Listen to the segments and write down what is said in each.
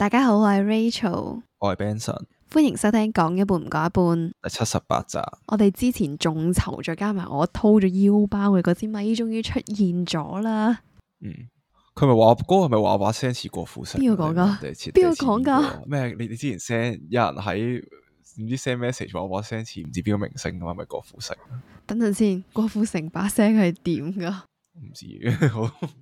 大家好，我係 Rachel，我係 Benson，歡迎收聽講一半唔講一半，第七十八集，我哋之前眾籌再加埋我掏咗腰包嘅嗰支咪，終於出現咗啦。嗯，佢咪話哥係咪話我把聲似郭富城？邊個講㗎？邊個講㗎？咩？你你之前 send, 有人喺唔知 send message 話我把聲似唔知邊個明星嘅嘛？咪郭富城。等陣先，郭富城把聲係點㗎？唔知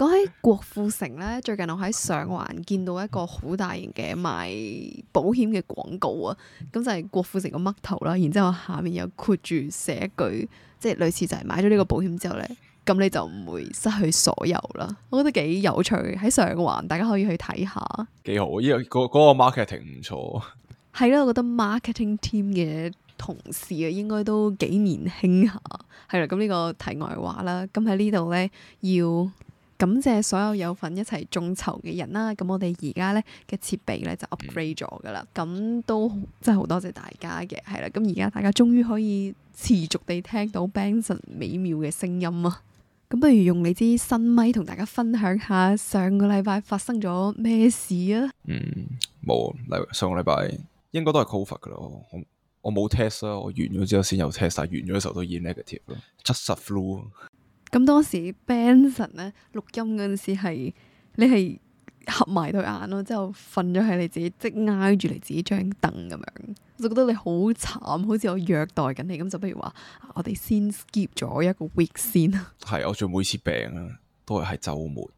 講起郭富城咧，最近我喺上環見到一個好大型嘅賣保險嘅廣告啊，咁就係郭富城個嘜頭啦，然之後下面又括住寫一句，即係類似就係買咗呢個保險之後咧，咁你就唔會失去所有啦。我覺得幾有趣，喺上環大家可以去睇下。幾好，依個嗰嗰個 marketing 唔錯。係 啦，我覺得 marketing team 嘅同事啊，應該都幾年輕下。係啦，咁呢個題外話啦。咁喺呢度咧要。感謝所有有份一齊眾籌嘅人啦，咁我哋而家咧嘅設備咧就 upgrade 咗噶啦，咁、嗯、都真係好多謝大家嘅，係啦，咁而家大家終於可以持續地聽到 Benson 美妙嘅聲音啊！咁不如用你支新咪同大家分享下上個禮拜發生咗咩事啊？嗯，冇，上個禮拜應該都係 Covid 噶咯，我我冇 test 啦，我完咗之後先有 test，但完咗嘅時候都 negative 咯，just through 咁當時 Benson 咧錄音嗰陣時係你係合埋對眼咯，之後瞓咗喺你自己，即挨住你自己張凳咁樣，就覺得你好慘，好似我虐待緊你咁。就不如話我哋先 skip 咗一個 week 先啦。係， 我最每次病咧都係喺周末，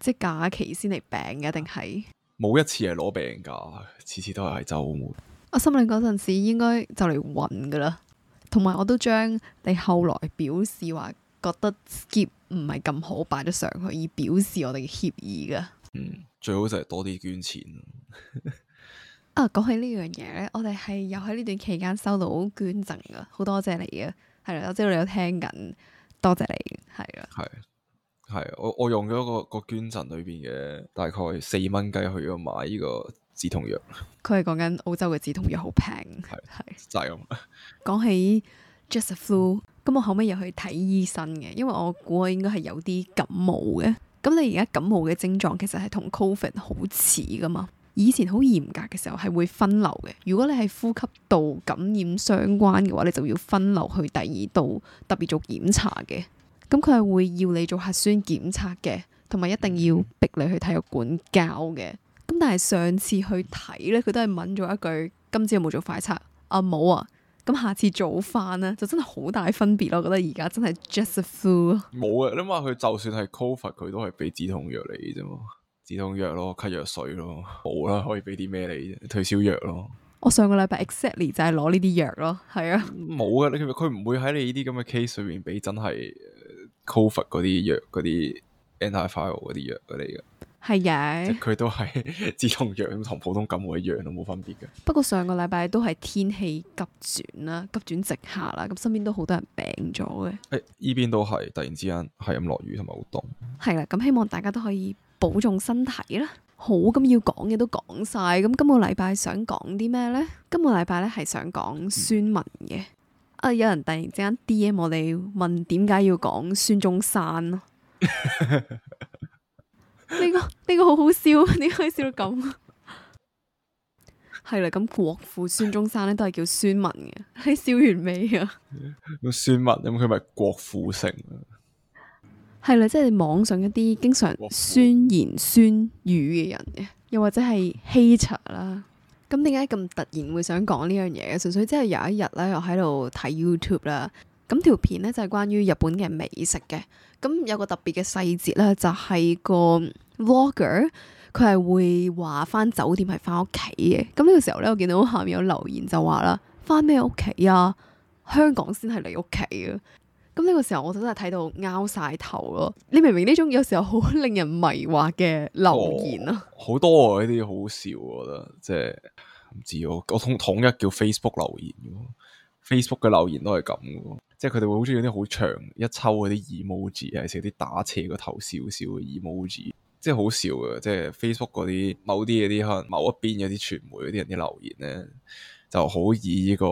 即假期先嚟病嘅，定係冇一次係攞病假，次次都係喺周末。我心諗嗰陣時應該就嚟暈噶啦，同埋我都將你後來表示話。覺得 skip 唔係咁好擺得上去，以表示我哋嘅歉意噶。嗯，最好就係多啲捐錢。 啊，講起呢樣嘢咧，我哋係又喺呢段期間收到捐贈噶，好多謝你嘅。係啦，我知道你有聽緊，多謝你，係啦，係係，我我用咗個個捐贈裏邊嘅大概四蚊雞去咗買呢個止痛藥。佢係講緊澳洲嘅止痛藥好平，係係就係咁。講起。Just a flu，咁我後尾又去睇醫生嘅，因為我估我應該係有啲感冒嘅。咁你而家感冒嘅症狀其實係同 COVID 好似噶嘛？以前好嚴格嘅時候係會分流嘅。如果你係呼吸道感染相關嘅話，你就要分流去第二度特別做檢查嘅。咁佢係會要你做核酸檢測嘅，同埋一定要逼你去體育館教嘅。咁但係上次去睇咧，佢都係問咗一句：今朝有冇做快測？啊冇啊！咁下次早翻咧，就真係好大分別咯。我覺得而家真係 just a fool 冇嘅，你話佢就算係 COVID 佢都係俾止痛藥你啫嘛，止痛藥咯，咳藥水咯，冇啦，可以俾啲咩你？啫？退燒藥咯。我上個禮拜 exactly 就係攞呢啲藥咯，係啊，冇嘅，佢佢唔會喺你呢啲咁嘅 case 裏面俾真係 COVID 嗰啲藥嗰啲 antiviral 嗰啲藥嗰啲嘅。係嘅，佢都係，自從弱咁同普通感冒一樣都冇分別嘅。不過上個禮拜都係天氣急轉啦，急轉直下啦，咁身邊都好多人病咗嘅。誒、欸，依邊都係突然之間係咁落雨同埋好凍。係啦，咁希望大家都可以保重身體啦。好，咁要講嘅都講晒。咁今個禮拜想講啲咩呢？今個禮拜咧係想講孫文嘅。啊、嗯，有人突然之間 DM 我哋問點解要講孫中山咯？ 呢、這個呢、這個好好笑，你可以笑到咁。係啦， 咁國父孫中山咧都係叫孫文嘅，你笑完未啊？孫 文咁佢咪國父成啦？係啦，即、就、係、是、網上一啲經常酸言酸語嘅人嘅，又或者係 hater 啦。咁點解咁突然會想講呢樣嘢？純粹即係有一日咧，我喺度睇 YouTube 啦，咁條片咧就係關於日本嘅美食嘅。咁有個特別嘅細節咧，就係、是、個。Vlogger 佢係會話返酒店係返屋企嘅，咁呢個時候呢，我見到下面有留言就話啦，返咩屋企啊？香港先係你屋企啊！咁呢個時候，我真係睇到拗晒頭咯。你明明呢種有時候好令人迷惑嘅留言啊，好、哦、多啊呢啲好笑，我覺得即係唔知我我統統一叫 Facebook 留言，Facebook 嘅留言都係咁嘅，即係佢哋會好鍾意啲好長一抽嗰啲 emoji，係成啲打斜個頭少少嘅 emoji。即係好笑嘅，即係 Facebook 嗰啲某啲嘅啲可能某一邊嗰啲傳媒嗰啲人啲留言咧，就好以呢個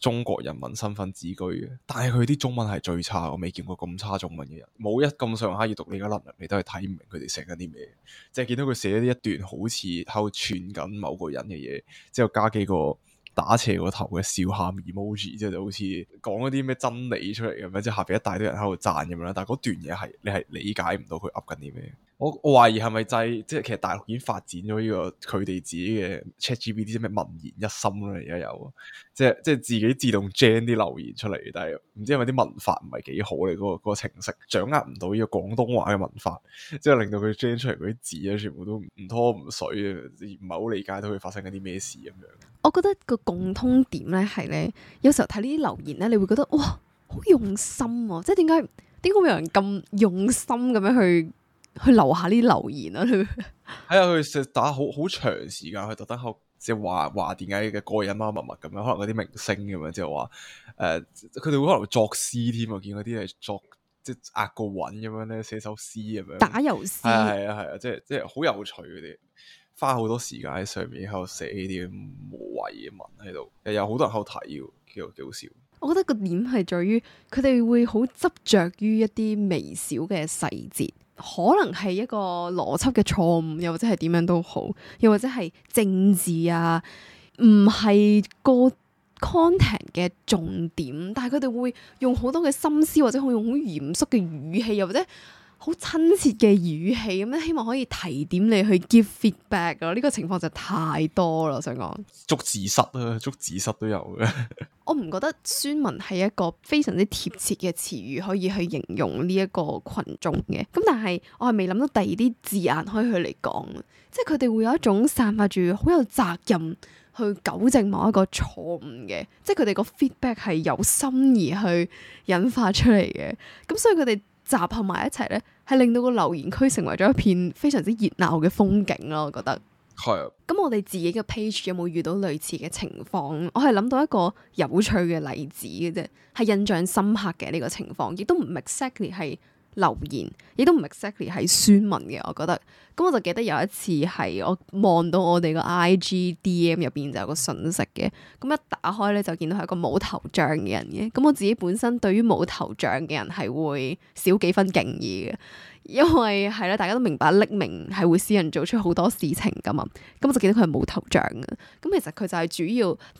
中國人民身份自居嘅。但係佢啲中文係最差，我未見過咁差中文嘅人，冇一咁上下要讀你個能力，你都係睇唔明佢哋寫緊啲咩。即係見到佢寫呢一段好似喺度串緊某個人嘅嘢，之後加幾個打斜個頭嘅笑喊 emoji，之後就好似講一啲咩真理出嚟咁樣，之後下邊一大堆人喺度贊咁樣啦。但係嗰段嘢係你係理解唔到佢噏緊啲咩。我我懷疑係咪就係即係其實大陸已經發展咗呢個佢哋自己嘅 ChatGPT，即咩文言一心啦而家有，即係即係自己自動 gen 啲留言出嚟，但係唔知係咪啲文法唔係幾好咧？嗰、嗰個、嗰個程式掌握唔到呢個廣東話嘅文法，即係令到佢 gen 出嚟嗰啲字咧，全部都唔拖唔水啊，唔係好理解到佢發生緊啲咩事咁樣。我覺得個共通點咧係咧，有時候睇呢啲留言咧，你會覺得哇，好用心啊！即係點解點解會有人咁用心咁樣去？去留下呢啲留言啊！睇下佢打好好長時間，去特登學即係話話點解嘅過癮乜乜乜咁樣，可能嗰啲明星咁樣，呃，即係話誒，佢哋會可能作詩添啊，見嗰啲係作即係壓個韻咁樣咧，寫首詩咁樣。打油詩係啊係啊，即係即係好有趣，佢哋花好多時間喺上面喺度，然後寫呢啲無謂嘅文喺度，又有好多人喺度睇，叫幾好笑。我覺得個點係在於佢哋會好執着於一啲微小嘅細節。可能係一個邏輯嘅錯誤，又或者係點樣都好，又或者係政治啊，唔係個 content 嘅重點，但係佢哋會用好多嘅心思，或者會用好嚴肅嘅語氣，又或者好親切嘅語氣咁樣，希望可以提點你去 give feedback 噶，呢個情況就太多啦，我想講捉字蝨啊，捉字蝨都有嘅。 我唔覺得酸民係一個非常之貼切嘅詞語可以去形容呢一個群眾嘅，咁但係我係未諗到第二啲字眼可以去嚟講，即係佢哋會有一種散發住好有責任去糾正某一個錯誤嘅，即係佢哋個 feedback 係有心而去引發出嚟嘅，咁所以佢哋集合埋一齊咧，係令到個留言區成為咗一片非常之熱鬧嘅風景咯，我覺得。係，咁我哋自己嘅 page 有冇遇到類似嘅情況？我係諗到一個有趣嘅例子嘅啫，係印象深刻嘅呢個情況，亦都唔 exactly 係留言，亦都唔 exactly 係宣文嘅。我覺得，咁我就記得有一次係我望到我哋個 IGDM 入邊就有個信息嘅，咁一打開咧就見到係一個冇頭像嘅人嘅，咁我自己本身對於冇頭像嘅人係會少幾分敬意嘅。因為係咧，大家都明白匿名係會使人做出好多事情噶嘛，咁、嗯、我就見到佢係冇頭像嘅。咁、嗯、其實佢就係主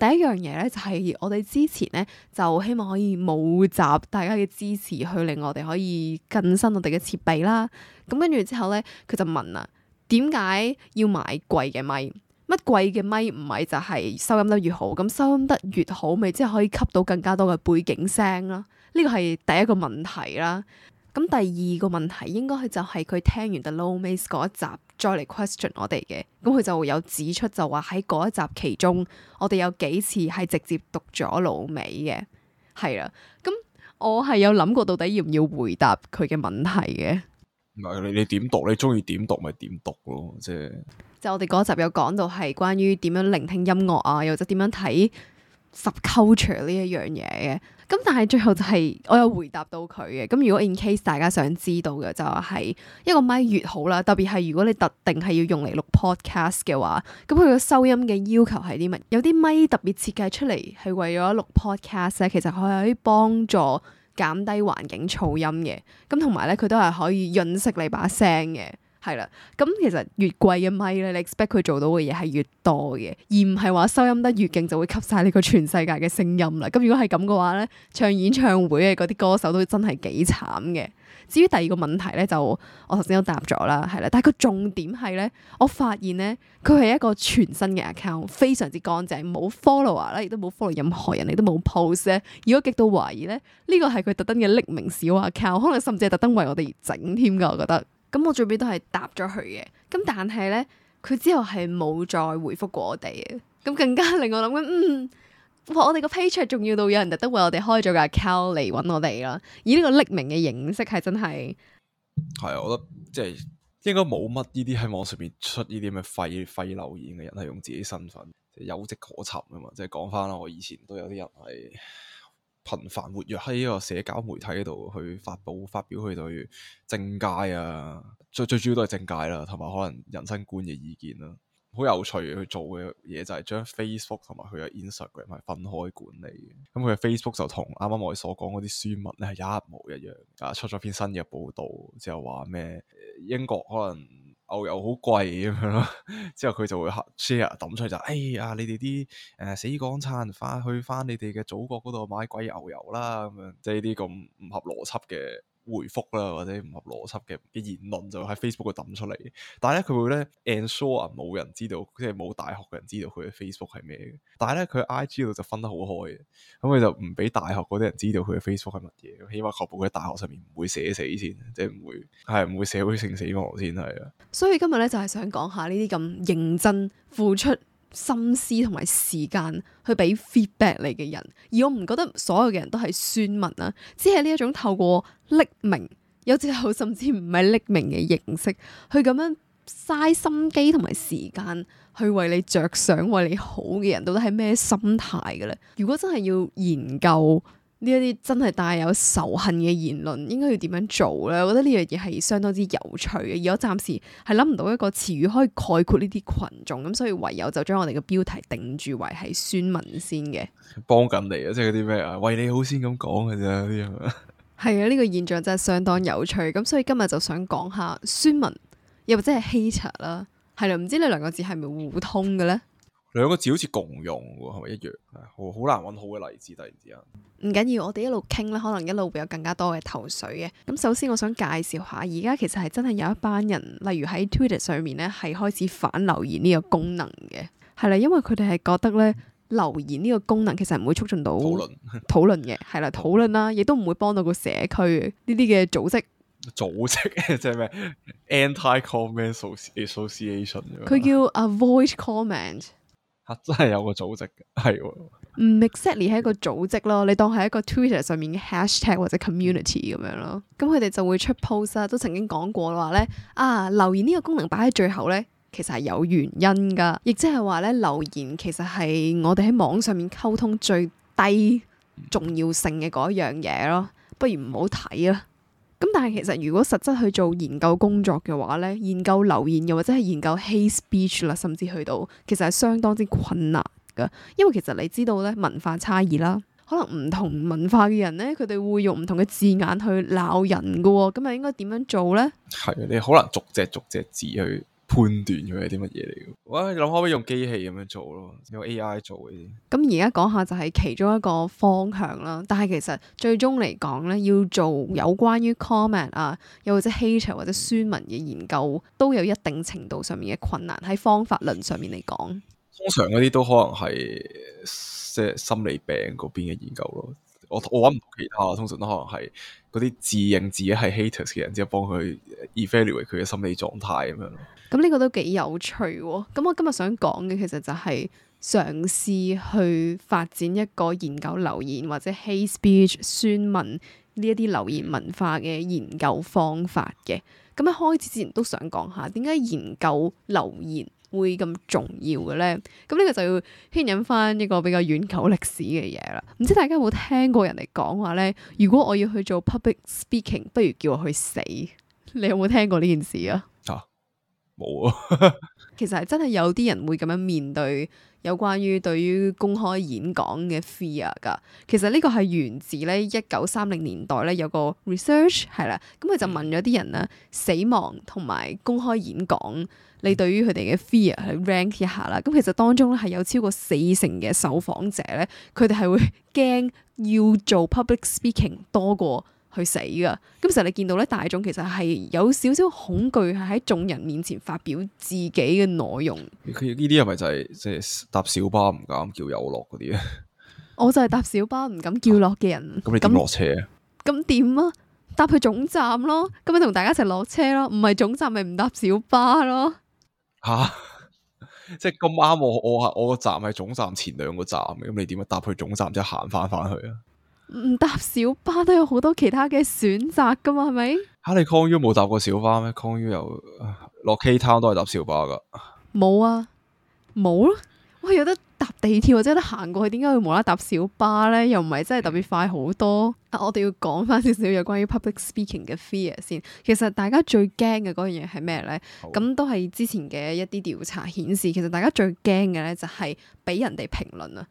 要第一樣嘢咧，就係、是、我哋之前咧就希望可以募集大家嘅支持，去令我哋可以更新我哋嘅設備啦。咁跟住之後咧，佢就問啦，點解要買貴嘅咪？乜貴嘅咪？唔係就係收音得越好，咁、嗯、收音得越好，咪即係可以吸到更加多嘅背景聲啦？呢、這個係第一個問題啦。咁第二個問題應該佢就係佢聽完《The Low Mace》嗰一集再嚟 question 我哋嘅，咁佢就會有指出就話喺嗰一集其中，我哋有幾次係直接讀咗老味嘅，係啦。咁我係有諗過到底要唔要回答佢嘅問題嘅。唔係你你點讀？你中意點讀咪點讀咯，即係。就我哋嗰集有講到係關於點樣聆聽音樂啊，又或者點樣睇 subculture 呢一樣嘢嘅，咁但係最後就係、是、我有回答到佢嘅。咁如果 in case 大家想知道嘅就係、是、一個咪越好啦，特別係如果你特定係要用嚟錄 podcast 嘅話，咁佢嘅收音嘅要求係啲乜？有啲咪特別設計出嚟係為咗錄 podcast 咧，其實佢係可以幫助減低環境噪音嘅。咁同埋咧，佢都係可以潤色你把聲嘅。係啦，咁、嗯、其實越貴嘅咪咧，你 expect 佢做到嘅嘢係越多嘅，而唔係話收音得越勁就會吸晒你個全世界嘅聲音啦。咁如果係咁嘅話咧，唱演唱會嘅嗰啲歌手都真係幾慘嘅。至於第二個問題咧，就我頭先都答咗啦，係啦。但係個重點係咧，我發現咧，佢係一個全新嘅 account，非常之乾淨，冇 follower 啦，亦都冇 follow 任何人，亦都冇 post 咧。如果極度懷疑咧，呢個係佢特登嘅匿名小 account，可能甚至係特登為我哋而整添噶，我覺得。咁我最尾都係答咗佢嘅，咁但係呢，佢之後係冇再回覆過我哋嘅，咁更加令我諗緊，嗯，哇，我哋個 page 仲要到有人特登為我哋開咗個 account 嚟揾我哋啦，以呢個匿名嘅形式係真係，係啊，我覺得即係應該冇乜呢啲喺網上面出呢啲咁嘅廢廢留言嘅人係用自己身份即係有跡可尋啊嘛，即係講翻啦，我以前都有啲人係。頻繁活躍喺呢個社交媒體度去發布、發表佢對政界啊，最最主要都係政界啦，同埋可能人生觀嘅意見啦，好有趣去做嘅嘢就係將 Facebook 同埋佢嘅 Instagram 係分開管理。咁佢嘅 Facebook 就同啱啱我哋所講嗰啲書物咧係一模一樣啊，出咗篇新嘅報導，之後話咩英國可能，牛油好貴咁樣咯， 之後佢就會嚇，share 抌出去就，哎呀，你哋啲誒死港燦，翻去翻你哋嘅祖國嗰度買貴牛油啦，咁樣即係啲咁唔合邏輯嘅。回覆啦，或者唔合邏輯嘅嘅言論就喺 Facebook 度抌出嚟。但係咧佢會咧 ensure 冇人知道，即係冇大學嘅人知道佢嘅 Facebook 係咩嘅。但係咧佢 IG 度就分得好開嘅，咁佢就唔俾大學嗰啲人知道佢嘅 Facebook 係乜嘢。起碼確保佢喺大學上面唔會寫死先，即係唔會係唔會社會性死亡先係啊。所以今日咧就係、是、想講下呢啲咁認真付出心思同埋時間去俾 feedback 你嘅人，而我唔覺得所有嘅人都係酸民啊，只係呢一種透過匿名，有時候甚至唔係匿名嘅形式去咁樣嘥心機同埋時間去為你着想、為你好嘅人，到底係咩心態嘅咧？如果真係要研究。呢一啲真係帶有仇恨嘅言論，應該要點樣做咧？我覺得呢樣嘢係相當之有趣嘅，而我暫時係諗唔到一個詞語可以概括呢啲群眾，咁所以唯有就將我哋嘅標題定住為係宣文先嘅。幫緊你啊，即係嗰啲咩啊，為你好先咁講嘅啫，啲係嘛？係啊，呢個現象真係相當有趣，咁所以今日就想講下宣文，又或者係希 a 啦，係啦，唔知你兩個字係咪互通嘅咧？兩個字好似共用喎，係咪一樣？好好難揾好嘅例子，突然之間。唔緊要，我哋一路傾咧，可能一路會有更加多嘅頭緒嘅。咁首先，我想介紹下，而家其實係真係有一班人，例如喺 Twitter 上面咧，係開始反留言呢個功能嘅，係啦，因為佢哋係覺得咧，嗯、留言呢個功能其實唔會促進到討論論，討論嘅係啦，討論啦，亦都唔會幫到個社區呢啲嘅組織，組織 即係咩？Anti-comment association，佢 叫 Avoid comment。吓、啊、真係有個組織嘅，係喎。唔 exactly 係一個組織咯，你當係一個 Twitter 上面嘅 hashtag 或者 community 咁樣咯。咁佢哋就會出 post、啊、都曾經講過話咧，啊，留言呢個功能擺喺最後咧，其實係有原因噶，亦即係話咧，留言其實係我哋喺網上面溝通最低重要性嘅嗰一樣嘢咯，不如唔好睇啦。咁但係其實如果實質去做研究工作嘅話咧，研究留言又或者係研究 hate speech 啦，甚至去到其實係相當之困難噶，因為其實你知道咧文化差異啦，可能唔同文化嘅人咧，佢哋會用唔同嘅字眼去鬧人噶，咁啊應該點樣做咧？係你可能逐隻逐隻字去。判斷咗係啲乜嘢嚟嘅，我係諗可唔可以用機器咁樣做咯，用 AI 做呢啲。咁而家講下就係其中一個方向啦。但係其實最終嚟講咧，要做有關於 comment 啊，又或者 Hater 或者酸文嘅研究，都有一定程度上面嘅困難喺方法論上面嚟講。通常嗰啲都可能係即係心理病嗰邊嘅研究咯。我我搵唔到其他，通常都可能係嗰啲自認自己係 haters 嘅人，之後幫佢 evaluate 佢嘅心理狀態咁樣咯。咁呢個都幾有趣喎。咁我今日想講嘅其實就係嘗試去發展一個研究留言或者 hate speech、酸文呢一啲留言文化嘅研究方法嘅。咁一開始之前都想講下，點解研究留言會咁重要嘅咧？咁呢個就要牽引翻一個比較遠久歷史嘅嘢啦。唔知大家有冇聽過人哋講話咧？如果我要去做 public speaking，不如叫我去死。你有冇聽過呢件事啊？啊，冇啊。其實係真係有啲人會咁樣面對有關於對於公開演講嘅 fear 噶。其實呢個係源自咧一九三零年代咧，有個 research 係啦，咁佢就問咗啲人啦，死亡同埋公開演講，你對於佢哋嘅 fear 去 rank 一下啦。咁其實當中咧係有超過四成嘅受訪者咧，佢哋係會驚要做 public speaking 多過。去死噶！咁成日你見到咧，大眾其實係有少少恐懼，係喺眾人面前發表自己嘅內容。佢呢啲係咪就係即係搭小巴唔敢叫有落嗰啲啊？我就係搭小巴唔敢叫落嘅人。咁你點落車？咁點啊？搭去總站咯，咁咪同大家一齊落車咯。唔係總站咪唔搭小巴咯？吓、啊！ 即係咁啱，我我我個站係總站前兩個站，咁你點樣搭去總站即係行翻翻去啊？唔搭小巴都有好多其他嘅選擇噶嘛，係咪？吓，你 con y 冇搭過小巴咩？con yo 又落 K-Town 都係搭小巴噶。冇啊，冇咯。我有得搭地鐵，或者得行過去，點解會冇啦搭小巴咧？又唔係真係特別快好多。啊， 我哋要講翻少少有關於 public speaking 嘅 fear 先。其實大家最驚嘅嗰樣嘢係咩咧？咁好都係之前嘅一啲調查顯示，其實大家最驚嘅咧就係俾人哋評論啊。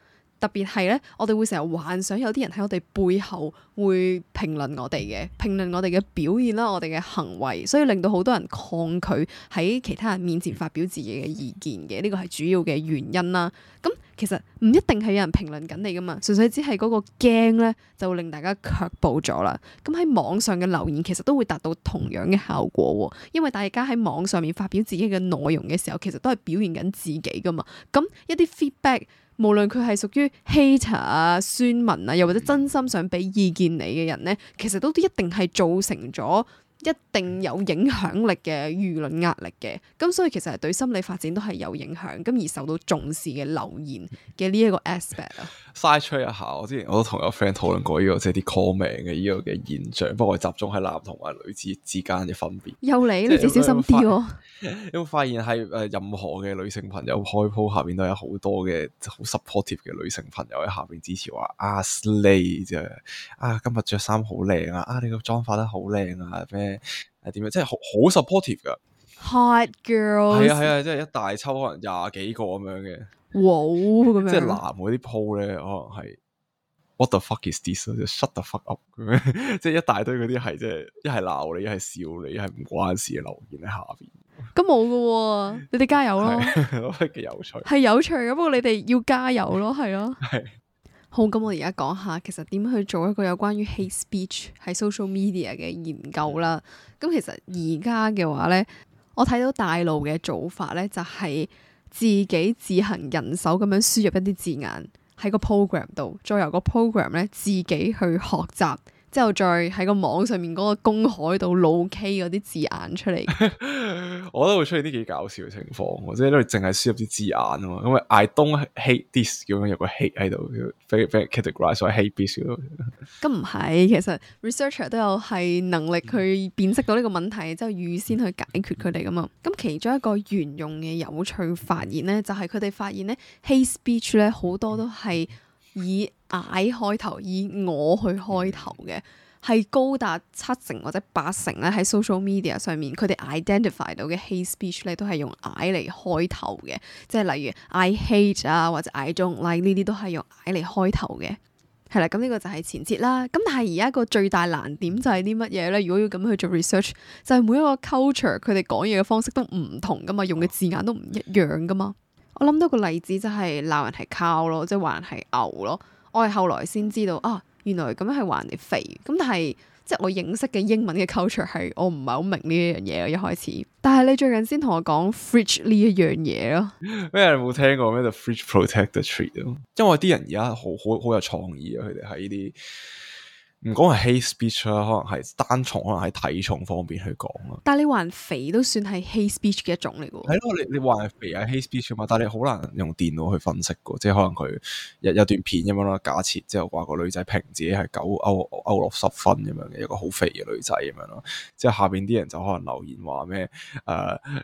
特別係咧，我哋會成日幻想有啲人喺我哋背後會評論我哋嘅，評論我哋嘅表現啦，我哋嘅行為，所以令到好多人抗拒喺其他人面前發表自己嘅意見嘅，呢個係主要嘅原因啦。咁其實唔一定係有人評論緊你噶嘛，純粹只係嗰個驚咧，就會令大家卻步咗啦。咁喺網上嘅留言其實都會達到同樣嘅效果喎，因為大家喺網上面發表自己嘅內容嘅時候，其實都係表現緊自己噶嘛。咁一啲 feedback。無論佢係屬於 hater 啊、酸民啊，又或者真心想俾意見你嘅人咧，其實都一定係造成咗一定有影響力嘅輿論壓力嘅，咁所以其實係對心理發展都係有影響，咁而受到重視嘅留言嘅呢一個 aspect 啊。 Side track 一下，我之前我都同有 friend 討論過呢、這個即係啲 call 名嘅呢個嘅現象，不過係集中喺男同埋女子之間嘅分別。又嚟，你哋小心啲喎、哦！有冇發現係誒任何嘅女性朋友開鋪下邊都有好多嘅好、就是、supportive 嘅女性朋友喺下邊支持話啊，你、啊、Slay？今日着衫好靚啊！啊，你個妝化得好靚啊？咩？係、啊、點樣？即係好好 supportive 噶。Hot girls 係啊係啊，即係一大抽可能廿幾個咁樣嘅，咁、哦、樣 即係男嗰啲鋪咧，可能係 What the fuck is this？shut up 咁樣，即係一大堆嗰啲係即係一係鬧你，一係笑你，一係唔關事嘅留言喺下邊。咁冇噶，你哋加油咯，都幾有趣，係有趣嘅。不過你哋要加油咯，係咯，係 是好。咁我而家講下，其實點去做一個有關於 hate speech 喺 social media 嘅研究啦。咁、嗯、其實而家嘅話咧。我睇到大陸嘅做法咧，就係自己自行人手咁樣輸入一啲字眼，喺個 program 度，再由個 program 咧自己去學習。之後再喺個網上面嗰個公海度老 K 嗰啲字眼出嚟， 我覺得會出現啲幾搞笑嘅情況，即係因為淨係輸入啲字眼啊嘛，因為 I don't hate this 咁樣有個 hate 喺度，非非 categorize 為 hate speech 咁唔係，其實 researcher 都有係能力去辨識到呢個問題， 之後預先去解決佢哋噶嘛。咁其中一個原用嘅有趣發現咧，就係佢哋發現咧 hate speech 咧好多都係。以 I 開頭，以我去開頭嘅係高達七成或者八成咧，喺 social media 上面佢哋 identify 到嘅 hate speech 咧都係用 I 嚟開頭嘅，即係例如 I hate 啊或者 I don't like 呢啲都係用 I 嚟開頭嘅，係啦。咁呢個就係前設啦。咁但係而家個最大難點就係啲乜嘢咧？如果要咁去做 research，就係每一個 culture 佢哋講嘢嘅方式都唔同噶嘛，用嘅字眼都唔一樣噶嘛。我諗到個例子就係鬧人係 cow 咯，即係話人係牛咯。我係後來先知道啊，原來咁樣係話人哋肥。咁但係即係我認識嘅英文嘅 culture 係我唔係好明呢一樣嘢我一開始。但係你最近先同我講 fridge 呢一樣嘢咯？咩你冇聽過咩叫 fridge protector tree 咯？因為啲人而家好好好有創意啊！佢哋喺呢啲。唔講係 hate speech 啦，可能係單從，可能係體重方面去講啦。但係你話肥都算係 hate speech 嘅一種嚟㗎。係咯，你 speech，你話係肥係 hate speech 嘛？但係你好難用電腦去分析㗎，即係可能佢有有段片咁樣咯，假設即係話個女仔評自己係九 out of 十分咁樣嘅一個好肥嘅女仔咁樣咯，即係下邊啲人就可能留言話咩誒？Uh,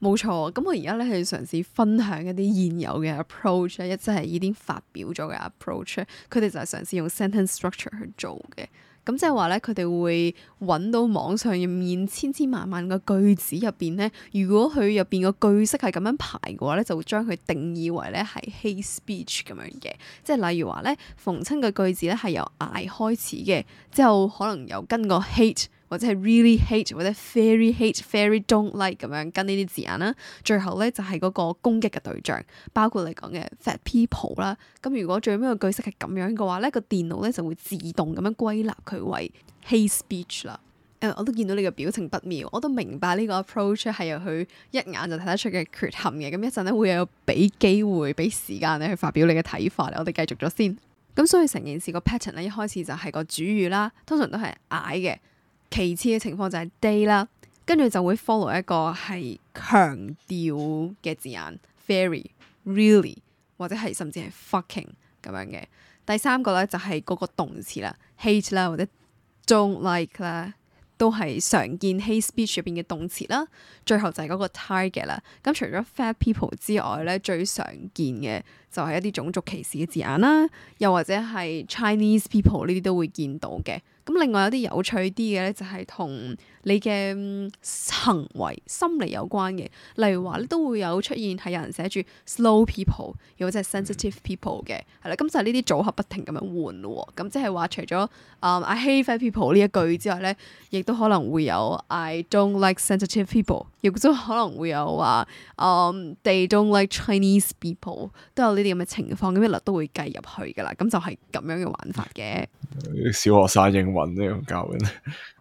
冇錯，咁我而家咧係嘗試分享一啲現有嘅 approach 咧，一即係已經發表咗嘅 approach，佢哋就係嘗試用 sentence structure 去做嘅。咁即係話咧，佢哋會揾到網上面千千萬萬個句子入邊咧，如果佢入邊個句式係咁樣排嘅話咧，就會將佢定義為咧係 hate speech 咁樣嘅。即係例如話咧，逢親嘅句子咧係由 I 開始嘅，之後可能又跟個 hate。或者係 really hate 或者 very hate very don't like 咁樣跟呢啲字眼啦，最後咧就係、是、嗰個攻擊嘅對象，包括你講嘅 fat people 啦。咁如果最尾個句式係咁樣嘅話咧，個電腦咧就會自動咁樣歸納佢為 hate speech 啦。誒、嗯，我都見到你個表情不妙，我都明白呢個 approach 係由佢一眼就睇得出嘅缺陷嘅。咁一陣咧會有俾機會俾時間你去發表你嘅睇法。我哋繼續咗先。咁所以成件事個 pattern 咧一開始就係個主語啦，通常都係矮嘅。其次嘅情況就係 day 啦，跟住就會 follow 一個係強調嘅字眼，very、really 或者係甚至係 fucking 咁樣嘅。第三個咧就係、是、嗰個動詞啦，hate 啦或者 don't like 啦，都係常見 hate speech 入邊嘅動詞啦。最後就係嗰個 target 啦。咁、嗯、除咗 fat people 之外咧，最常見嘅就係一啲種族歧視嘅字眼啦，又或者係 Chinese people 呢啲都會見到嘅。咁另外有啲有趣啲嘅咧，就係同你嘅行為心理有關嘅，例如話都會有出現係有人寫住 slow people，又或者係 sensitive people 嘅，係啦、嗯，咁就係呢啲組合不停咁樣換喎。咁即係話除咗啊、um, I hate people 呢一句之外咧，亦都可能會有 I don't like sensitive people，亦都可能會有話啊、um, They don't like Chinese people，都有呢啲咁嘅情況，咁一律都會計入去㗎啦。咁就係、是、咁樣嘅玩法嘅。小學生認為。搵呢個教嘅，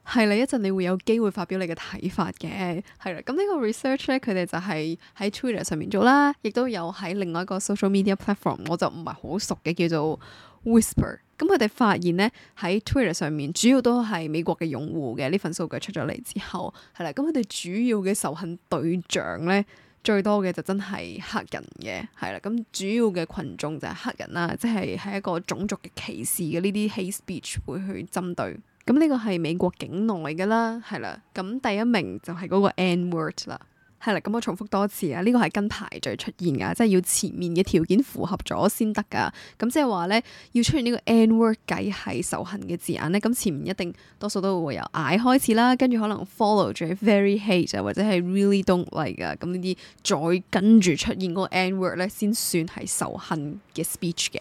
係啦，一陣你會有機會發表你嘅睇法嘅，係啦，咁呢個 research 咧，佢哋就係喺 Twitter 上面做啦，亦都有喺另外一個 social media platform，我就唔係好熟嘅，叫做 Whisper。咁佢哋發現咧，喺 Twitter 上面，主要都係美國嘅用戶嘅。呢份數據出咗嚟之後，係啦，咁佢哋主要嘅仇恨對象咧。最多嘅就真係黑人嘅，係啦，咁主要嘅群眾就係黑人啦，即係係一個種族嘅歧視嘅呢啲 hate speech 會去針對，咁呢個係美國境內㗎啦，係啦，咁第一名就係嗰個 N word 啦。係啦，咁我重複多次啊，呢、這個係跟排序出現噶，即係要前面嘅條件符合咗先得噶。咁即係話咧，要出現呢個 n-word 計係仇恨嘅字眼咧，咁前面一定多數都會由 I 開始啦，跟住可能 follow 住 very hate 啊，或者係 really don't like 啊，咁呢啲再跟住出現個 n-word 咧，先算係仇恨嘅 speech 嘅。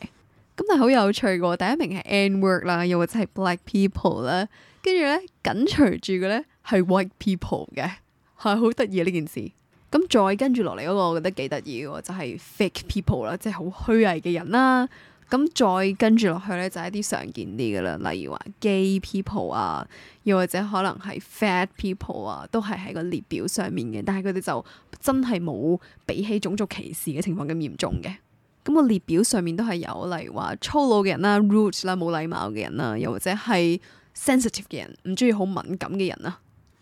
咁但係好有趣喎，第一名係 n-word 啦，word，又或者係 black people 啦，跟住咧緊隨住嘅咧係 white people 嘅。係好得意呢，件事，咁再跟住落嚟嗰個我覺得幾得意嘅，就係 fake people 啦，即係好虛偽嘅人啦。咁再跟住落去咧，就係一啲常見啲嘅啦，例如話 gay people 啊，又或者可能係 fat people 啊，都係喺個列表上面嘅。但係佢哋就真係冇比起種族歧視嘅情況咁嚴重嘅。咁個列表上面都係有，例如話粗魯嘅人啦、rude 啦、冇禮貌嘅人啦，又或者係 sensitive 嘅人，唔中意好敏感嘅人啦。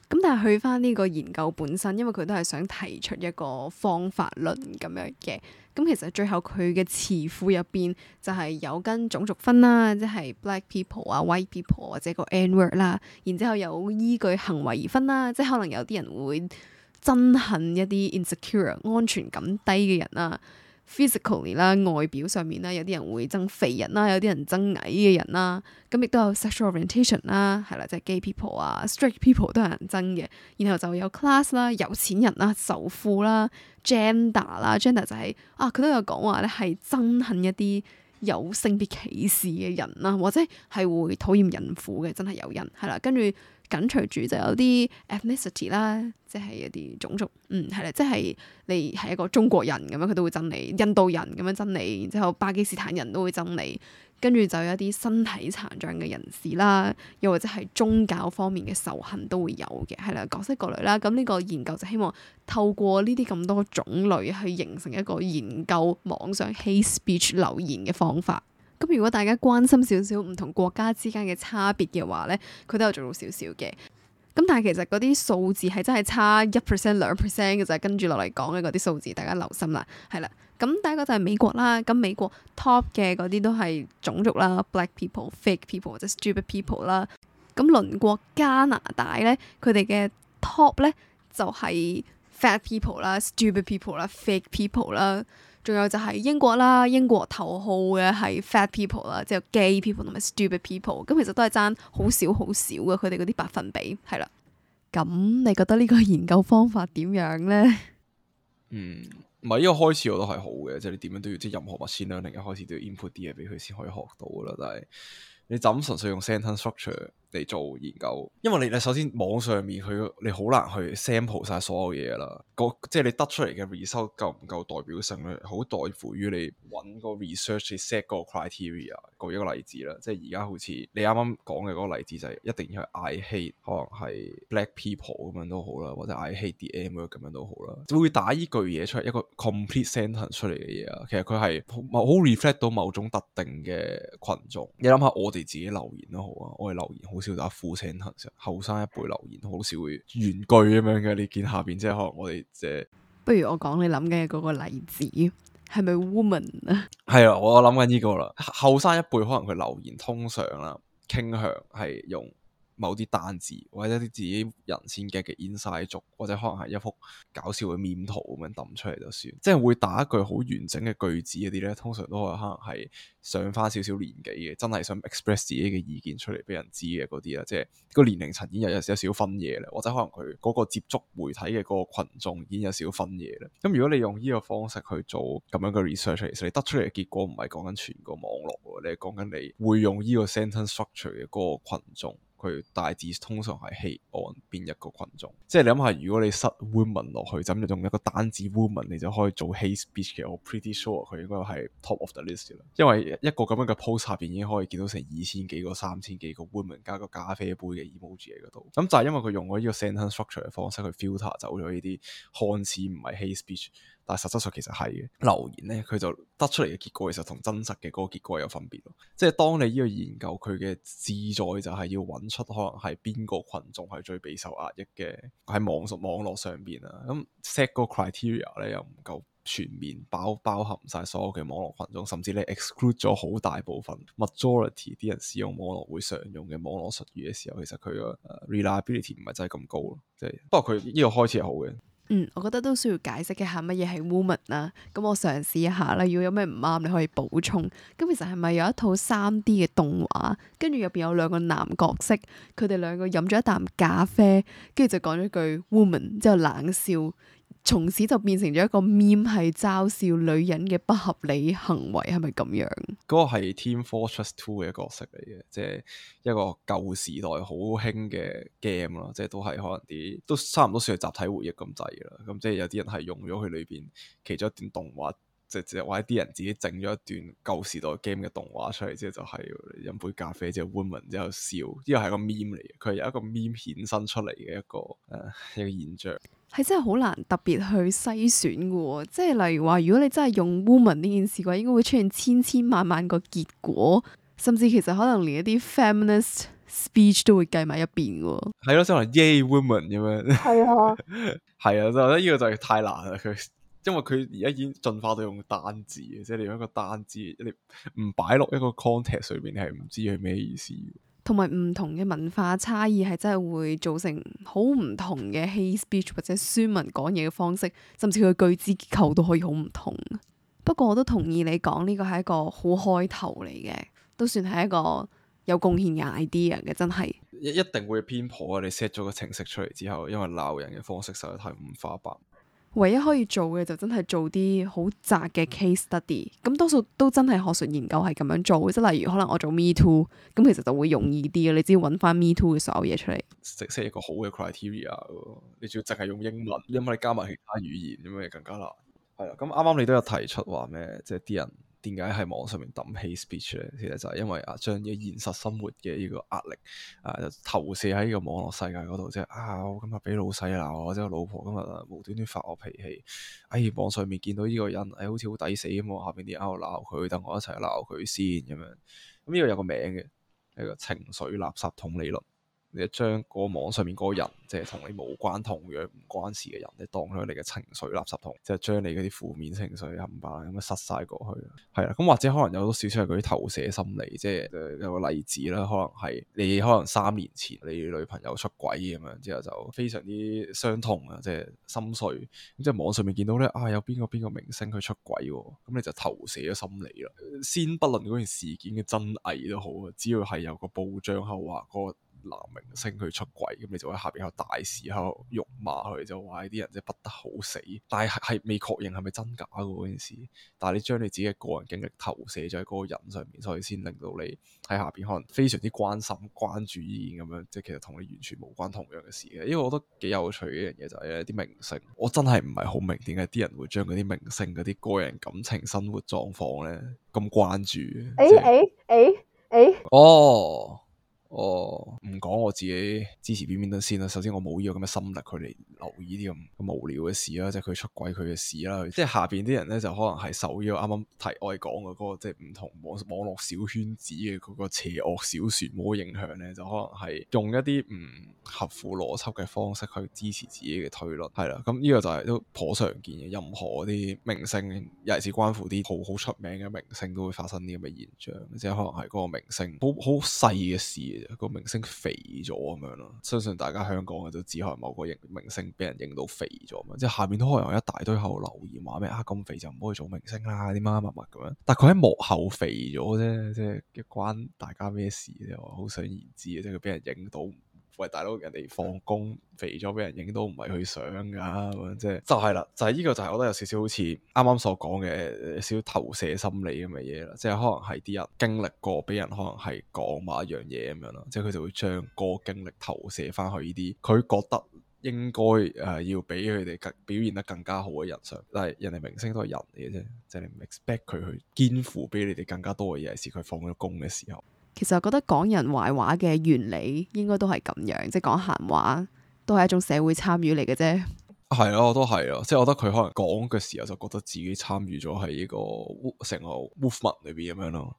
咁但係去翻呢個研究本身，因為佢都係想提出一個方法論咁樣嘅。咁其實最後佢嘅詞庫入邊就係有跟種族分啦，即係 black people 啊、white people 或者個 n-word 啦，然之後有依據行為而分啦，即係可能有啲人會憎恨一啲 insecure 安全感低嘅人啦。physically 啦，Phys ically，外表上面啦，有啲人會憎肥人啦，有啲人憎矮嘅人啦，咁亦都有 sexual orientation 啦，係、就、啦、是，即係 gay people 啊 strict people 都係人憎嘅，然後就有 class 啦，有錢人啦，仇富啦，gender 啦，gender 就係、是、啊，佢都有講話咧，係憎恨一啲有性別歧視嘅人啦，或者係會討厭孕婦嘅，真係有人係啦，跟住。緊隨住就有啲 ethnicity 啦，即係一啲種族，嗯係啦，即係你係一個中國人咁樣，佢都會憎你；印度人咁樣憎你，然之後巴基斯坦人都會憎你。跟住就有一啲身體殘障嘅人士啦，又或者係宗教方面嘅仇恨都會有嘅，係啦，各式各類啦。咁呢個研究就希望透過呢啲咁多種類去形成一個研究網上 hate speech 留言嘅方法。如果大家關心少少唔同國家之間嘅差別嘅話咧，佢都有做到少少嘅。咁但係其實嗰啲數字係真係差一 percent 兩 percent 嘅，就係跟住落嚟講嘅嗰啲數字，大家留心啦。係啦，咁第一個就係美國啦。咁美國 top 嘅嗰啲都係種族啦，black people、fake people 或者 stupid people 啦。咁鄰國加拿大咧，佢哋嘅 top 咧就係 fat people 啦、stupid people 啦、fake people 啦。仲有就係英國啦，英國頭號嘅係 fat people 啦，即係 gay people 同埋 stupid people，咁其實都係爭好少好少嘅，佢哋嗰啲百分比係啦。咁你覺得呢個研究方法點樣呢？唔係一個開始我都係好嘅，即係你點樣都要即任何物先啦，另一開始都要 input 啲嘢俾佢先可以學到啦。但係你怎純粹用 sentence structure 嚟做研究，因為你你首先網上面，佢你好難去 sample 晒所有嘢啦，嗰即係你得出嚟嘅 result 夠唔夠代表性咧？好代乎於你揾個 research set 個 criteria。舉一個例子啦，即係而家好似你啱啱講嘅個例子就係一定要去 I hate 可能係 black people 咁樣都好啦，或者 I hate the M 咁樣都好啦，就會打依句嘢出嚟一個 complete sentence 出嚟嘅嘢啊。其實佢係好 reflect 到某種特定嘅群眾。你諗下我哋自己留言都好啊，我哋留言好。條打副聲行上，後生一輩留言好少會原句咁樣嘅，你見下邊即係可能我哋即係，不如我講你諗嘅嗰個例子係咪 woman 啊？係啊，我諗緊呢個啦。後生一輩可能佢留言通常啦，傾向係用。某啲單字，或者啲自己人先嘅嘅 inside 族，或者可能係一幅搞笑嘅面圖咁樣揼出嚟就算，即係會打一句好完整嘅句子嗰啲呢，通常都係可能係上翻少少年紀嘅，真係想 express 自己嘅意見出嚟俾人知嘅嗰啲啦，即係個年齡層已經有有少少分嘢啦，或者可能佢嗰個接觸媒體嘅嗰個羣眾已經有少少分嘢啦。咁如果你用呢個方式去做咁樣嘅 research，其實你得出嚟嘅結果唔係講緊全個網絡喎，你係講緊你會用呢個 sentence structure 嘅嗰個羣眾。佢大致通常係 hate 緊邊一個群眾，即係你諗下，如果你塞 woman 落去，就咁用一個單字 woman，你就可以做 hate speech 嘅。我 pretty sure 佢應該係 top of the list 啦。因為一個咁樣嘅 post 下邊已經可以見到成二千幾個、三千幾個 woman 加個咖啡杯嘅 emoji 喺嗰度。咁、嗯、就係、是、因為佢用咗呢個 sentence structure 嘅方式去 filter 走咗呢啲看似唔係 hate speech。但係實質上其實係嘅，留言咧佢就得出嚟嘅結果其實同真實嘅嗰個結果有分別。即係當你呢個研究佢嘅旨在就係要揾出可能係邊個群眾係最備受壓抑嘅喺網上網絡上邊啊，咁、嗯、set 個 criteria 咧又唔夠全面包包含晒所有嘅網絡群眾，甚至你 exclude 咗好大部分 majority 啲人使用網絡會常用嘅網絡術語嘅時候，其實佢個 reliability 唔係真係咁高咯。即係不過佢呢個開始係好嘅。嗯，我覺得都需要解釋嘅係乜嘢係 woman 啦、啊。咁我嘗試一下啦，如果有咩唔啱，你可以補充。咁其實係咪有一套三 D 嘅動畫，跟住入邊有兩個男角色，佢哋兩個飲咗一啖咖啡，跟住就講咗句 woman 之後冷笑。從此就變成咗一個 meme，係嘲笑女人嘅不合理行為，係咪咁樣？嗰個係《Team Fortress Two》嘅角色嚟嘅，即係一個舊時代好興嘅 game 咯，即係都係可能啲都差唔多算係集體回憶咁滯啦。咁即係有啲人係用咗佢裏邊其中一段動畫，即係即係或者啲人自己整咗一段舊時代 game 嘅動畫出嚟之後，是就係飲杯咖啡之後，woman 之後笑，呢個係個 meme 嚟嘅，佢有一個 meme 衍生出嚟嘅一個誒、呃、一個現象。係真係好難特別去篩選嘅喎、哦，即係例如話，如果你真係用 woman 呢件事嘅話，應該會出現千千萬萬個結果，甚至其實可能連一啲 feminist speech 都會計埋入邊嘅喎。係咯，即係話 yay woman 咁樣。係啊，係啊，真係呢個就係太難啦佢，因為佢而家已經進化到用單字嘅，即係你用一個單字，你唔擺落一個 context 上面係唔知係咩意思。同埋唔同嘅文化差異，係真係會造成好唔同嘅 hate speech 或者書文講嘢嘅方式，甚至佢句子結構都可以好唔同。不過我都同意你講呢個係一個好開頭嚟嘅，都算係一個有貢獻嘅 idea 嘅，真係。一一定會偏頗啊！你 set 咗個程式出嚟之後，因為鬧人嘅方式實在太五花八唯一可以做嘅就真係做啲好窄嘅 case study，咁多數都真係學術研究係咁樣做，即係例如可能我做 me too，咁其實就會容易啲嘅，你只要揾翻 me too 嘅所有嘢出嚟。設一個好嘅 criteria，你仲要淨係用英文，因為加埋其他語言咁樣更加難？係啊，咁啱啱你都有提出話咩，即係啲人。點解喺網上面揼起 speech 咧？其實就係、是、因為啊，將啲現實生活嘅呢個壓力啊投射喺呢個網絡世界嗰度，即、就、係、是、啊，我今日俾老細鬧，或者我老婆今日無端端發我脾氣，喺、哎、網上面見到呢個人，誒、哎、好似好抵死咁，嗯、下面我下邊啲人喺度鬧佢，等我一齊鬧佢先咁樣。咁、嗯、呢、這個有一個名嘅，係個情緒垃圾桶理論。你將嗰網上面嗰人，即係同你冇關、同樣唔關事嘅人，當你當咗你嘅情緒垃圾桶，即係將你嗰啲負面情緒冚唪唥咁啊塞晒過去。係啦，咁、嗯、或者可能有少少係嗰啲投射心理，即、就、係、是、有個例子啦，可能係你可能三年前你女朋友出軌咁樣之後就非常之傷痛啊，即、就、係、是、心碎。咁即係網上面見到咧，啊有邊個邊個明星佢出軌，咁你就投射咗心理啦。先不論嗰件事件嘅真偽都好啊，只要係有個報章係話、那個。男明星佢出軌，咁你就喺下邊有大肆喺辱罵佢，就話啲人即係不得好死。但係係未確認係咪真假嘅嗰件事。但係你將你自己嘅個人經歷投射咗喺嗰個人上面，所以先令到你喺下邊可能非常之關心、關注呢件咁樣，即係其實同你完全無關同樣嘅事嘅。因為我覺得幾有趣嘅一樣嘢就係一啲明星，我真係唔係好明點解啲人會將嗰啲明星嗰啲個人感情生活狀況呢咁關注。誒誒誒哦。我唔講我自己支持邊邊得先啦。首先我冇呢個咁嘅心得，佢嚟留意啲咁咁無聊嘅事啦，即係佢出軌佢嘅事啦。即係下邊啲人咧就可能係受依啱啱提愛講嘅嗰個即係唔同網網絡小圈子嘅嗰個邪惡小漩渦冇影響咧，就可能係用一啲唔合乎邏輯嘅方式去支持自己嘅推論。係啦，咁呢個就係都頗常見嘅。任何啲明星，尤其是關乎啲好好出名嘅明星，都會發生啲咁嘅現象，即係可能係嗰個明星好好細嘅事。一個明星肥咗咁樣咯，相信大家香港嘅都只可能某個明星畀人影到肥咗嘛，即係下面都可能有一大堆喺度留言話咩啊，咁肥就唔好去做明星啦，啲乜乜乜咁樣。但佢喺幕後肥咗啫，即係關大家咩事咧？好想而知啊，即係佢畀人影到。喂，大佬，人哋放工肥咗俾人影都唔係佢想噶，即係就係啦，就係、係、呢、就係、個就係我覺得有少少好似啱啱所講嘅少少投射心理咁嘅嘢啦，即係可能係啲人經歷過俾人可能係講某一樣嘢咁樣啦，即係佢就會將個經歷投射翻去呢啲，佢覺得應該誒、呃、要俾佢哋更表現得更加好嘅人上，但係人哋明星都係人嚟嘅啫，即係你唔 expect 佢去肩負俾你哋更加多嘅嘢，係佢放咗工嘅時候。其實我覺得講人壞話嘅原理應該都係咁樣，即係講閒話都係一種社會參與嚟嘅啫。係咯，我，都係啊，即係我覺得佢可能講嘅時候就覺得自己參與咗喺呢個成個 movement 裏邊咁樣咯，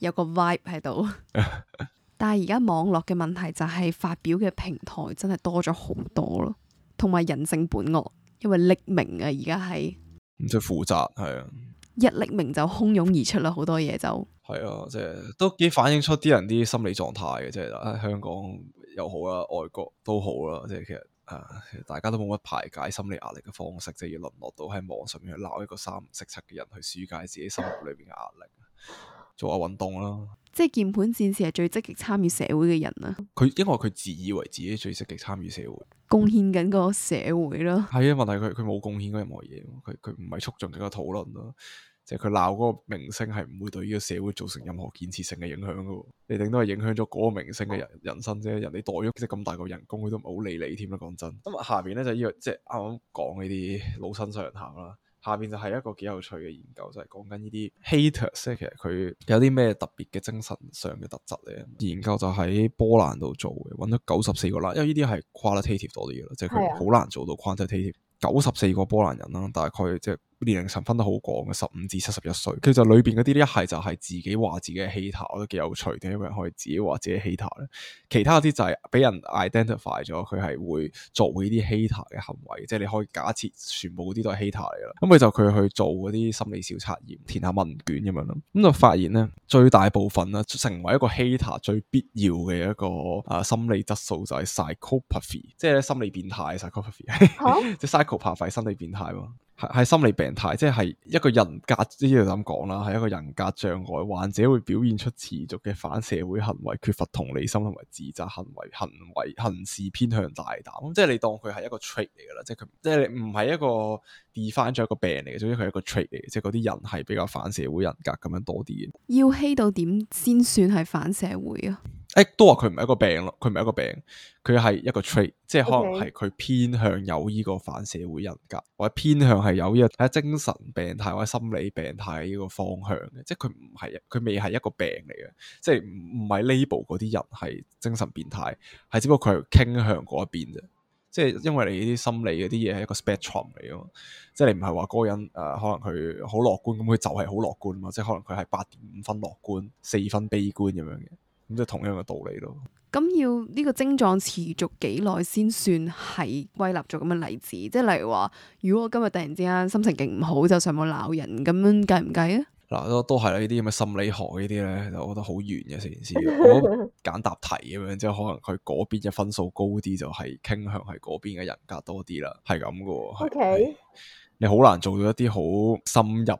有個 vibe 喺度。 但係而家網絡嘅問題就係發表嘅平台真係多咗好多咯，同埋人性本惡，因為匿名啊，而家係唔即係負責係啊。一匿名就洶湧而出啦，好多嘢就係啊，即係都幾反映出啲人啲心理狀態嘅，即係、哎、香港又好啦，外國都好啦，即係其，、啊、其實大家都冇乜排解心理壓力嘅方式，就要淪落到喺網上面去鬧一個三唔識七嘅人去抒解自己生活裏邊嘅壓力。做下運動啦，即係鍵盤戰士係最積極參與社會嘅人啦、啊。佢因為佢自以為自己最積極參與社會，貢獻緊個社會咯。係啊，問題佢佢冇貢獻過任何嘢，佢佢唔係促進緊個討論咯。即係佢鬧嗰個明星係唔會對呢個社會造成任何建設性嘅影響噶。你頂多係影響咗嗰個明星嘅人、嗯、人生啫。人哋袋咗即咁大個人工，佢都唔好理你添啦。講真，咁啊下邊咧就呢個即係啱啱講呢啲老生常談啦。下邊就係一個幾有趣嘅研究，就係講緊呢啲 hater，即係其實佢有啲咩特別嘅精神上嘅特質咧。研究就喺波蘭度做嘅，搵咗九十四個啦，因為呢啲係 qualitative 多啲嘅，即係佢好難做到 quantitative。九十四個波蘭人啦，大概即係。年齡層分得好廣嘅，十五至七十一歲。其實裏邊嗰啲咧，一係就係自己話自己係 hater，我都幾有趣嘅，有人可以自己話自己 hater 咧。其他啲就係俾人 identify 咗，佢係會做呢啲 hater 嘅行為，即係你可以假設全部啲都係 hater 嚟啦。咁佢就佢去做嗰啲心理小測驗，填下問卷咁樣啦。咁就發現咧，最大部分啦，成為一個 hater 最必要嘅一個啊、呃、心理質素就係 psychopathy，即係咧心理變態 psychopathy，oh? 即係 psychopathy 心理變態咯。係心理病態，即係一個人格呢度咁講啦，係一個人格障礙患者會表現出持續嘅反社會行為、缺乏同理心同埋自責行為、行為行事偏向大膽。即係你當佢係一個 trait 嚟噶啦，即係佢，即係唔係一個 define 咗一個病嚟嘅，總之佢係一個 trait 嚟嘅。即係嗰啲人係比較反社會人格咁樣多啲。要稀到點先算係反社會啊？欸、都話佢唔係一個病咯，佢唔係一個病，佢係一個 trait，即係可能係佢偏向有呢個反社會人格，或者偏向係有一精神病態或者心理病態呢個方向嘅，即係佢唔係，佢未係一個病嚟嘅，即係唔唔係 label 嗰啲人係精神變態，係只不過佢傾向嗰一邊啫，即係因為你呢啲心理嗰啲嘢係一個 spectrum 嚟嘅，即係你唔係話嗰個人誒、呃，可能佢好樂觀，咁佢就係好樂觀嘛，即係可能佢係八點五分樂觀，四分悲觀咁樣嘅。咁即係同樣嘅道理咯。咁要呢個症狀持續幾耐先算係歸納咗咁嘅例子？即係例如話，如果我今日突然之間心情勁唔好，就上網鬧人咁樣計唔計啊？嗱，都都係啦，呢啲咁嘅心理學呢啲咧，就我覺得好遠嘅成件事。 我簡答題咁樣，即係可能佢嗰邊嘅分數高啲，就係、是、傾向係嗰邊嘅人格多啲啦。係咁噶。O Okay . K，你好難做到一啲好深入。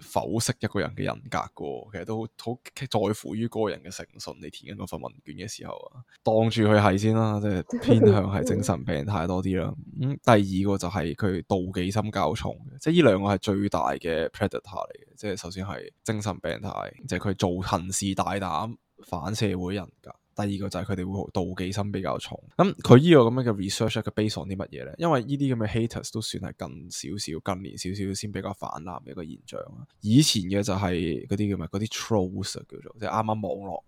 否識一個人嘅人格嘅，其實都好在乎於個人嘅誠信。你填緊嗰份問卷嘅時候啊，當住佢係先啦，即係偏向係精神病態多啲啦。咁、嗯、第二個就係佢妒忌心較重，即係呢兩個係最大嘅 predator 嚟嘅。即係首先係精神病態，就佢做行事大膽反社會人格。第二個就係佢哋會妒忌心比較重，咁佢、嗯、呢個咁樣嘅 research 嘅 based on 啲乜嘢咧？因為呢啲咁嘅 haters 都算係近少少、近年少少先比較泛濫嘅一個現象啦。以前嘅就係嗰啲叫咩？嗰啲 trolls 啊叫做，即係啱啱網絡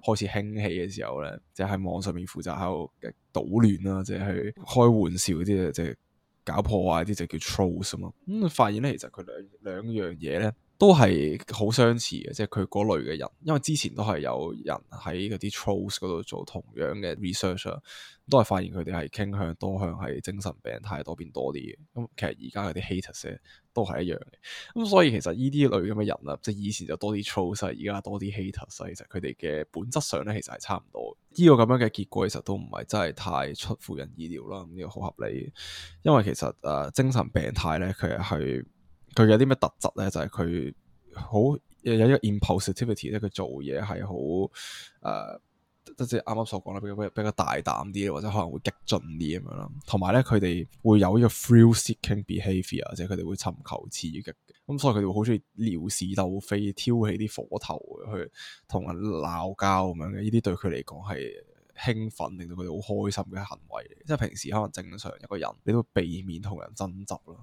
開始興起嘅時候咧、嗯，就喺網上面負責喺度嘅搗亂啦，即係開玩笑啲，即、就、係、是、搞破壞啲就叫 trolls 啊嘛。咁、嗯、發現咧，其實佢兩兩樣嘢咧。都係好相似嘅，即係佢嗰類嘅人，因為之前都係有人喺嗰啲 trolls 嗰度做同樣嘅 research，、啊、都係發現佢哋係傾向多向係精神病態多變多啲嘅。咁、嗯、其實而家嗰啲 haters 都係一樣嘅。咁、嗯、所以其實呢啲類咁嘅人啦、啊，即係以前就多啲 trolls，而、啊、家多啲 haters，、啊、其實佢哋嘅本質上咧其實係差唔多。呢、這個咁樣嘅結果其實都唔係真係太出乎人意料啦，呢、嗯這個好合理。因為其實誒、呃、精神病態咧，佢係。佢有啲咩特質咧？就係佢好有一個 impositivity 咧，佢做嘢係好誒，即係啱啱所講啦，比較比較大膽啲，或者可能會激進啲咁樣啦。同埋咧，佢哋會有一個 thrill-seeking behavior，即係佢哋會尋求刺激嘅。咁所以佢哋會好中意撩事鬥非，挑起啲火頭去同人鬧交咁樣嘅。呢啲對佢嚟講係興奮，令到佢哋好開心嘅行為。即係平時可能正常一個人，你都會避免同人爭執咯。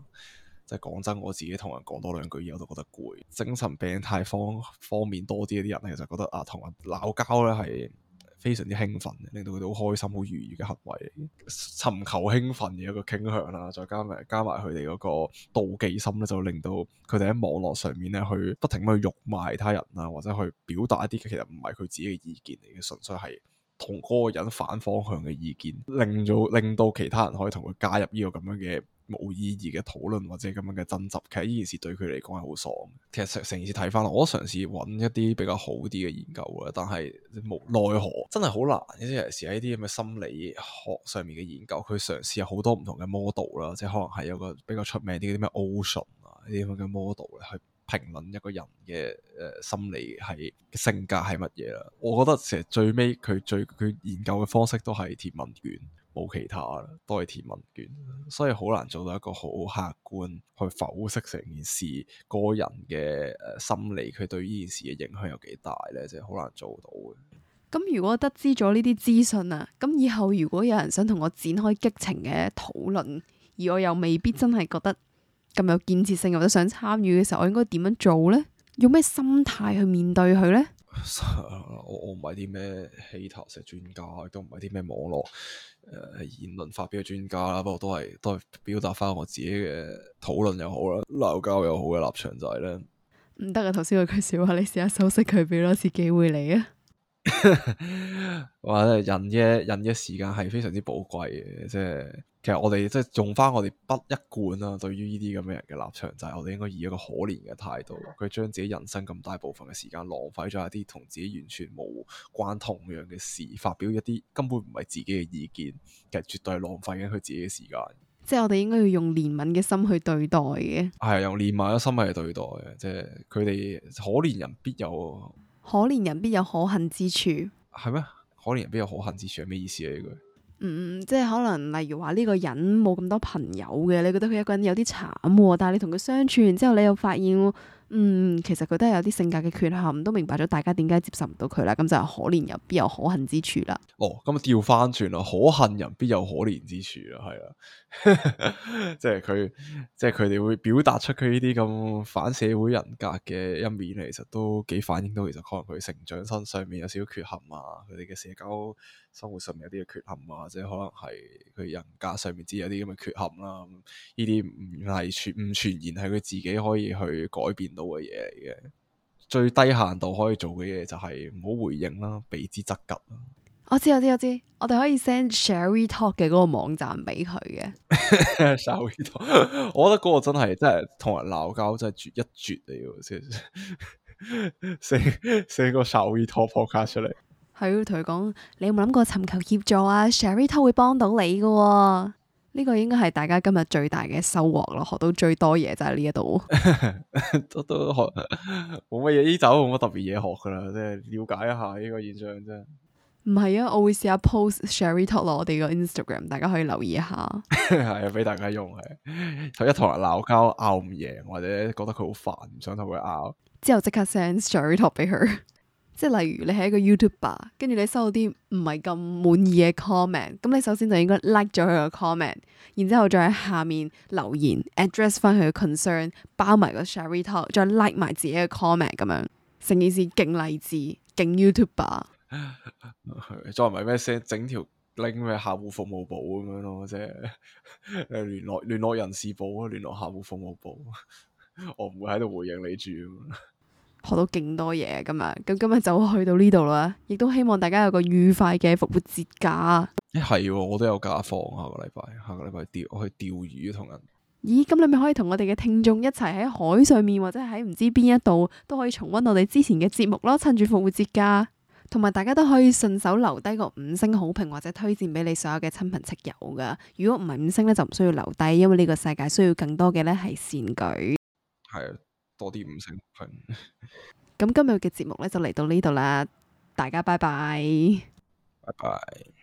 即係講真，我自己同人講多兩句嘢，我就覺得攰。精神病態方方面多啲一啲人咧，其實覺得啊，同人鬧交咧係非常之興奮，令到佢哋好開心、好愉悅嘅行為，尋求興奮嘅一個傾向啦。再加埋加埋佢哋嗰個妒忌心咧，就令到佢哋喺網絡上面咧去不停去辱罵他人啊，或者去表達一啲其實唔係佢自己嘅意見嚟嘅，純粹係同嗰個人反方向嘅意見，令到令到其他人可以同佢加入呢個咁樣嘅。冇意義嘅討論或者咁樣嘅爭執，其實呢件事對佢嚟講係好爽。其實成件事睇翻，我都嘗試揾一啲比較好啲嘅研究嘅，但係無奈何真係好難。有啲時喺啲咁嘅心理學上面嘅研究，佢嘗試有好多唔同嘅 model 啦，即係可能係有個比較出名啲嗰啲咩 Ocean 啊呢啲咁嘅 model 咧係。評論一個人嘅誒心理係性格係乜嘢啦？我覺得其實最尾佢最佢研究嘅方式都係填問卷，冇其他啦，都係填問卷，所以好難做到一個好客觀去剖析成件事個人嘅誒心理佢對呢件事嘅影響有幾大咧？即係好難做到嘅。咁如果得知咗呢啲資訊啊，咁以後如果有人想同我展開激情嘅討論，而我又未必真係覺得。咁有建設性，或者想參與嘅時候，我應該點樣做呢？用咩心態去面對佢呢？ 我我唔係啲咩 hater 嘅專家，亦都唔係啲咩網絡誒、呃、言論發表嘅專家啦。不過都係都係表達翻我自己嘅討論又好啦、鬧交又好嘅立場就係、是、咧。唔得啊！頭先我介紹話，你試下收息佢，俾多次機會你啊！話咧 人嘅人嘅時間係非常之寶貴嘅，即係。其實我哋即係用翻我哋不一貫啦，對於呢啲咁嘅人嘅立場就係、是，我哋應該以一個可憐嘅態度，佢將自己人生咁大部分嘅時間浪費咗一啲同自己完全冇關同樣嘅事，發表一啲根本唔係自己嘅意見，其實絕對係浪費緊佢自己嘅時間。即係我哋應該要用憐憫嘅心去對待嘅。係啊，用憐憫嘅心去對待嘅，即係佢哋可憐人必有可憐人必有可恨之處。係咩？可憐人必有可恨之處係咩意思啊？呢句？嗯，即係可能，例如話呢個人冇咁多朋友嘅，你覺得佢一個人有啲慘，但係你同佢相處完之後，你又發現，嗯，其實佢都係有啲性格嘅缺陷，都明白咗大家點解接受唔到佢啦，咁就係可憐人必有可恨之處啦。哦，咁啊，調翻轉啦，可恨人必有可憐之處啦，係啦，即係佢，即係佢哋會表達出佢呢啲咁反社會人格嘅一面，其實都幾反映到，其實可能佢成長身上面有少少缺陷啊，佢哋嘅社交。生活上面有啲嘅缺陷啊，或者可能係佢人格上面之有啲咁嘅缺陷啦，呢啲唔係全唔傳全然係佢自己可以去改變到嘅嘢嚟嘅。最低限度可以做嘅嘢就係唔好回應啦，避之則吉啦。我知我知我知，我哋可以 send Shall We Talk 嘅嗰個網站俾佢嘅。Shall We Talk，我覺得嗰個真係真係同人鬧交真係絕一絕嚟嘅，真係。send send 個 Shall We Talk podcast 出嚟。係同佢講，你有冇諗過尋求協助啊？Shall We Talk 會幫到你噶。哦，呢、呢個應該係大家今日最大嘅收穫咯，學到最多嘢就係呢一度。都學冇乜嘢，呢集冇乜特別嘢學噶啦，即係了解一下呢個現象啫。唔係啊，我會試下 post Shall We Talk 落我哋個 Instagram，大家可以留意一下。係俾 大家用係，頭一同人鬧交拗唔贏，或者覺得佢好煩，唔想同佢拗，之後即刻 send Shall We Talk 俾佢。即係例如你係一個 YouTuber 跟住你收到啲唔係咁滿意嘅 comment，咁你首先就應該 like 咗佢個 comment，然之後再喺下面留言 address 翻佢嘅 concern，包埋個 Shall we Talk，再 like 埋自己嘅 comment 咁樣，成件事勁勵志，勁 YouTuber 再唔係咩先？整條拎咩客戶服務部咁樣咯，啊，即係聯絡聯絡人事部啊，聯絡客戶服務部。我唔會喺度回應你住。學到勁多嘢咁啊！咁今日就去到呢度啦，亦都希望大家有個愉快嘅復活節假。係、欸、我都有假放，下個禮拜，下個禮拜去釣我去釣魚同人。咦！咁你咪可以同我哋嘅聽眾一齊喺海上面，或者喺唔知邊一度，都可以重温我哋之前嘅節目咯。趁住復活節假，同埋大家都可以順手留低個五星好評，或者推薦俾你所有嘅親朋戚友噶。如果唔係五星呢，就唔需要留低，因為呢個世界需要更多嘅呢係善舉。係。多啲五星分 。咁今日嘅節目咧，就嚟到呢度啦，大家拜拜，拜拜。